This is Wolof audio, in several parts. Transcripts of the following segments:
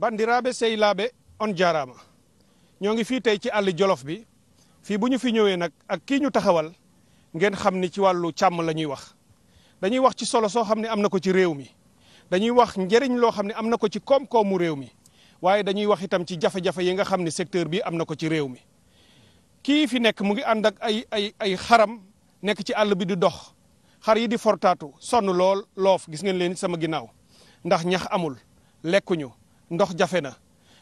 sey sehilaɓe on jaarama ñoo ngi fii tey ci àll jolof bi fii bu ñu fi ñëwee nag ak kii ñu taxawal ngeen xam ni ci wàllu càmm la ñuy wax dañuy wax ci solo soo xam ne am na ko ci réew mi dañuy wax njëriñ loo xam ne am na ko ci koom réew mi waaye dañuy wax itam ci jafe-jafe yi nga xam ni secteur bi am na ko ci réew mi kii fi nekk mu ngi ànd ak ay ay ay xaram nekk ci àll bi di dox xar yi di fortaatu sonn lool loof gis ngeen leen sama ginnaaw ndax ñax amul lekkuñu ndox jafe na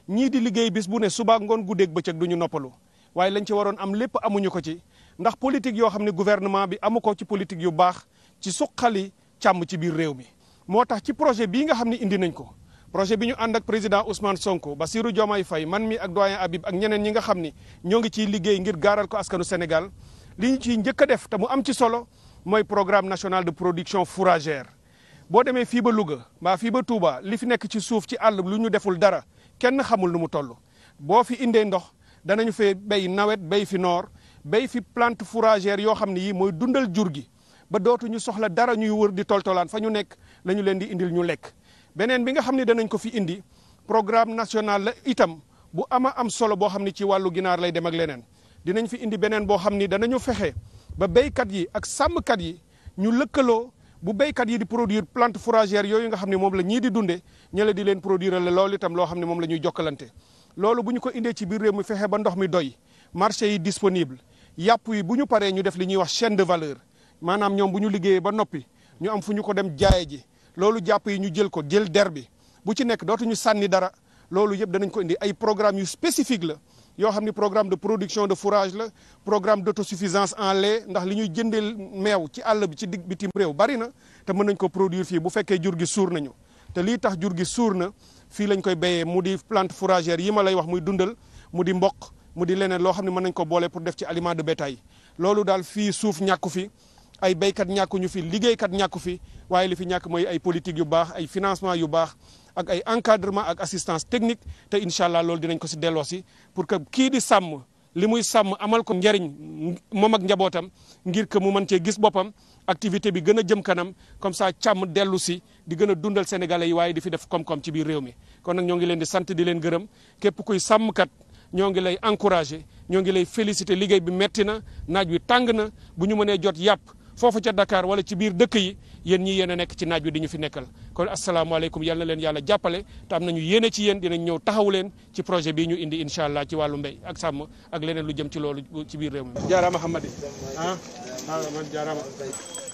ñii di liggéey bis bu ne suba ngoon guddeeg bëccëg du ñu noppalu waaye lañ ci waroon am lépp amuñu ko ci ndax politique yoo xam ne gouvernement bi amu ko ci politique yu baax ci suqali càmm ci biir réew mi. moo tax ci projet bii nga xam ne indi nañ ko projet bi ñu ànd ak président Ousmane Sonko Bassirou Diomaye fay man mi ak doyen Habib ak ñeneen ñi nga xam ni ñoo ngi ciy liggéey ngir gaaral ko askanu Sénégal li ñu ciy njëkk def te mu am ci solo mooy programme national de production fourragère. boo demee fii ba Louga mbaa fii ba Touba li fi nekk ci suuf ci àll lu ñu deful dara kenn xamul nu mu toll boo fi indee ndox danañu fee béy nawet béy fi noor béy fi plante yoo xam ne yii mooy dundal jur gi ba dootuñu soxla dara ñuy wër di toltolaan fa ñu nekk la leen di indil ñu lekk beneen bi nga xam ne danañ ko fi indi programme national itam bu ama am solo boo xam ne ci wàllu ginaar lay dem ak leneen dinañ fi indi beneen boo xam ni danañu fexe ba béykat yi ak sàmmkat yi ñu lëkkaloo bu béykat yi di produire plante fourragère yooyu nga xam ne moom la ñii di dunde ñële di leen produire la loolu itam loo xam ne moom la ñuy jokkalante loolu bu ñu ko indee ci biir réew mi fexe ba ndox mi doy marché yi disponible yàpp yi bu ñu paree ñu def li ñuy wax chaine de valeur maanaam ñoom bu ñu liggéeyee ba noppi ñu am fu ñu ko dem jaaye ji loolu jàpp yi ñu jël ko jël der bi bu ci nekk dootuñu sànni dara loolu yëpp danañ ko indi ay programme yu spécifique la yoo xam ni programme de production de fourrage la programme d' autosuffisance en lait ndax li ñuy jëndee meew ci àll bi ci digg bitim réew bari na te mën nañ ko produire fii bu fekkee jur gi suur nañu te lii tax jur gi suur na fii lañ koy béyee mu di plante fourragère yi ma lay wax muy dundal mu di mboq mu di leneen loo xam ne mën nañ ko boole pour def ci aliment de bétail loolu daal fii suuf ñàkku fi ay béykat ñàkkuñu fi liggéeykat ñàkku fi waaye li fi ñàkk mooy ay politique yu baax ay financement yu baax ak ay encadrement ak assistance technique te incha allah loolu dinañ ko si delloo si pour que kii di sàmm li muy sàmm amal ko njariñ moom ak njabootam ngir que mu mën cee gis boppam activité bi gën a jëm kanam comme ça càmm dellu si di gën a dundal sénégalais yi waaye di fi def koom-koom ci biir réew mi kon nag ñoo ngi leen di sant di leen gërëm képp kuy sàmmkat ñoo ngi lay encouragé ñoo ngi lay félicité liggéey bi metti na naaj wi tàng na bu ñu mënee jot yàpp foofu ca Dakar wala ci biir dëkk yi yéen ñi yéen a nekk ci naaj wi di ñu fi nekkal kon asalaamaaleykum yal na leen yàlla jàppale te am nañu yéene ci yéen dinañ ñëw taxawu leen ci projet bi ñu indi incha allah ci wàllu mbéy ak sàmm ak leneen lu jëm ci loolu ci biir réew mi jaaraama Hamadi ah, ah man jaaraama